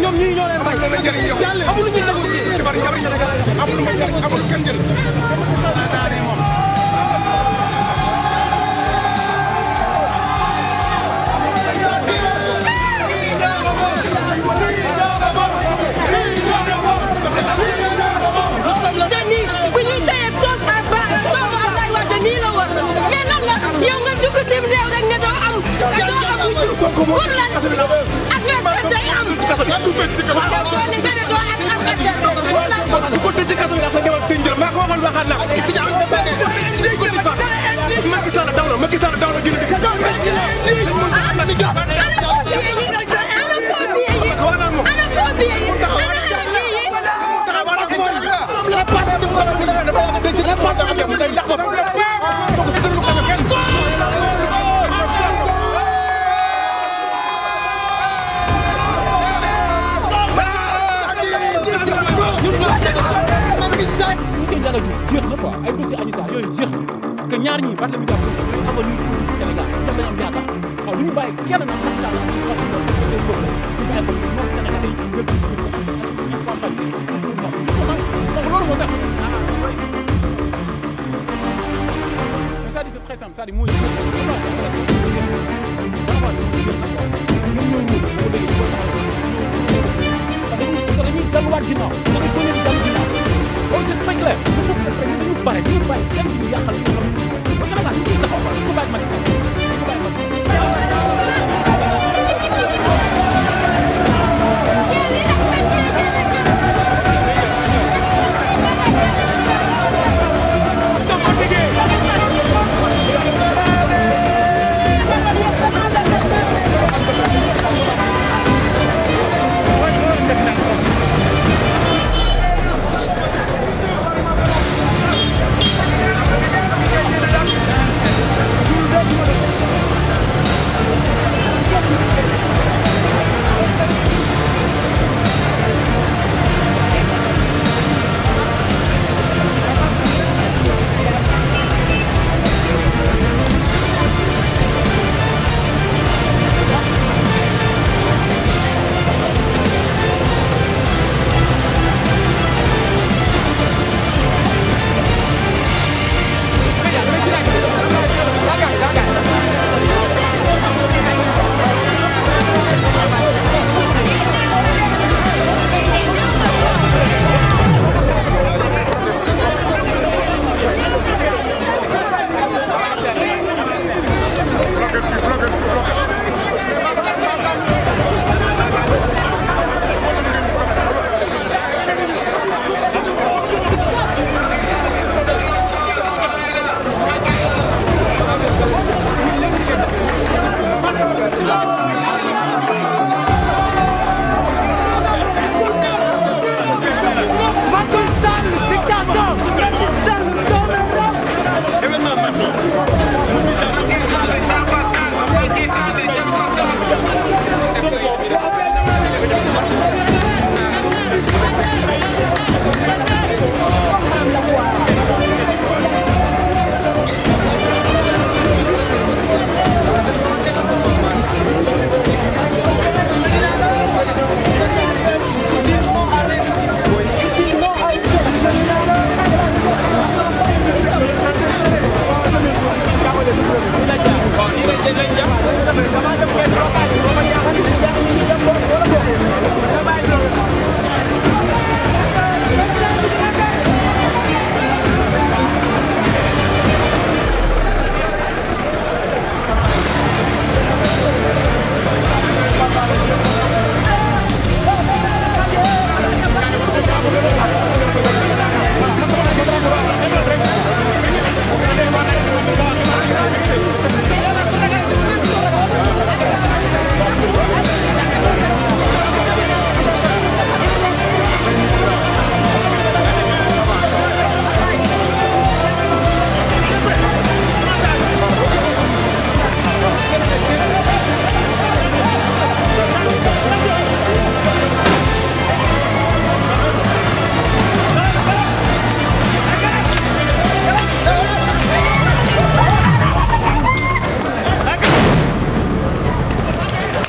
ñoom ñii ñoo leen bañ yàlla amul lu ñuy négocier amul kenn jël ak ñaar ñii Barthélemy Dias Sonko ñooy avenir politique Sénégal ci dem lañ am yaakaar waaw du ñu bàyyi kenn nag Macky Sall ñu bàyyi ko ñu bàyyi ko moom Sénégalais yi gën di suñu responsabilité donc loolu moo tax mais ça dit c'est très simple ça dit mooy non c'est vrai vraiment ñoom ñoo ñëw boo déggee ñu koy taxaw dañuy delluwaat ginnaaw dañuy gën a dellu ginnaaw loolu c'est très clair dañu bare dañu bàyyi kenn duñu yàqal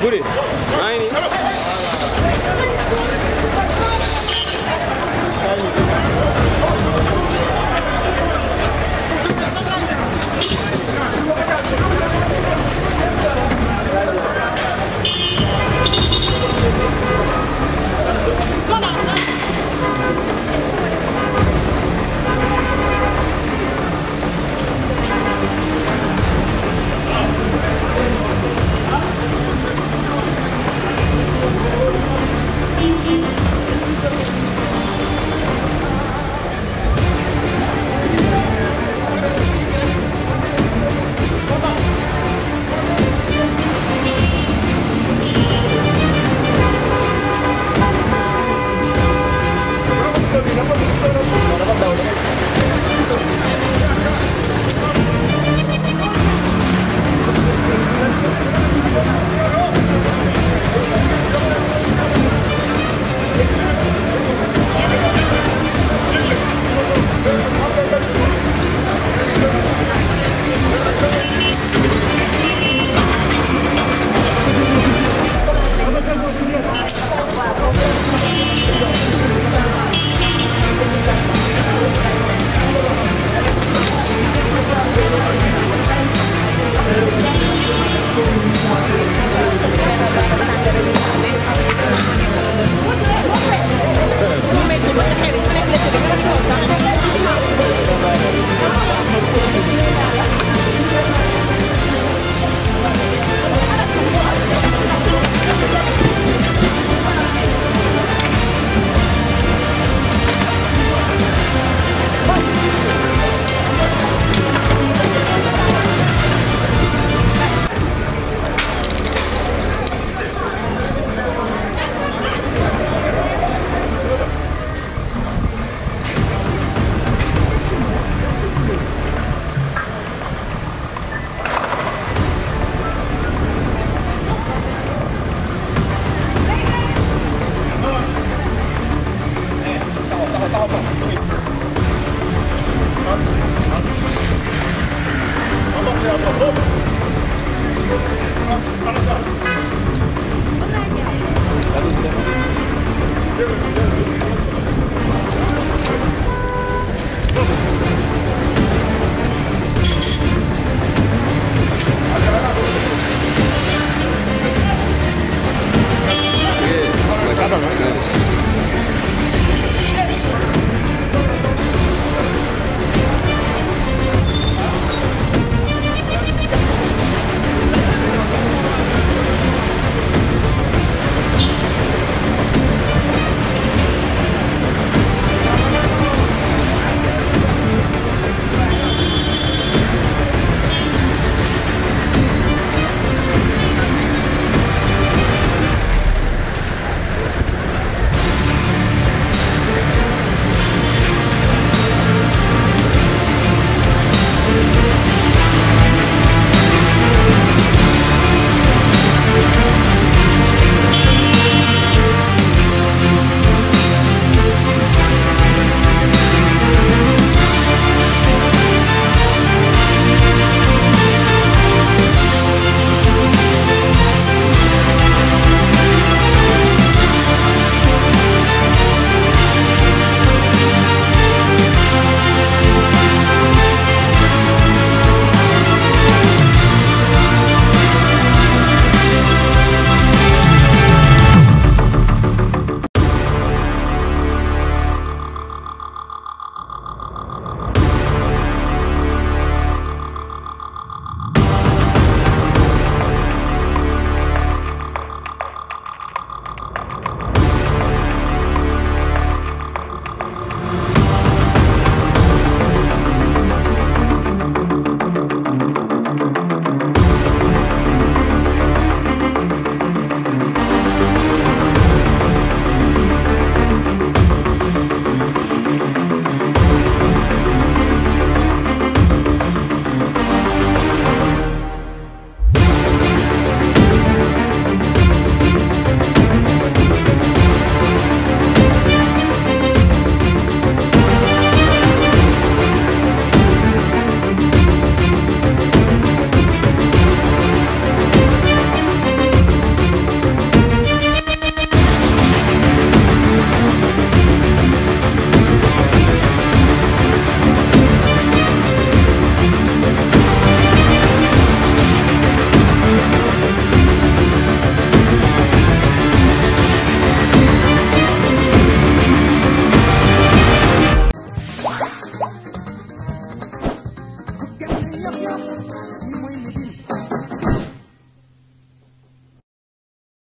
buri maa ngi nii Thank you.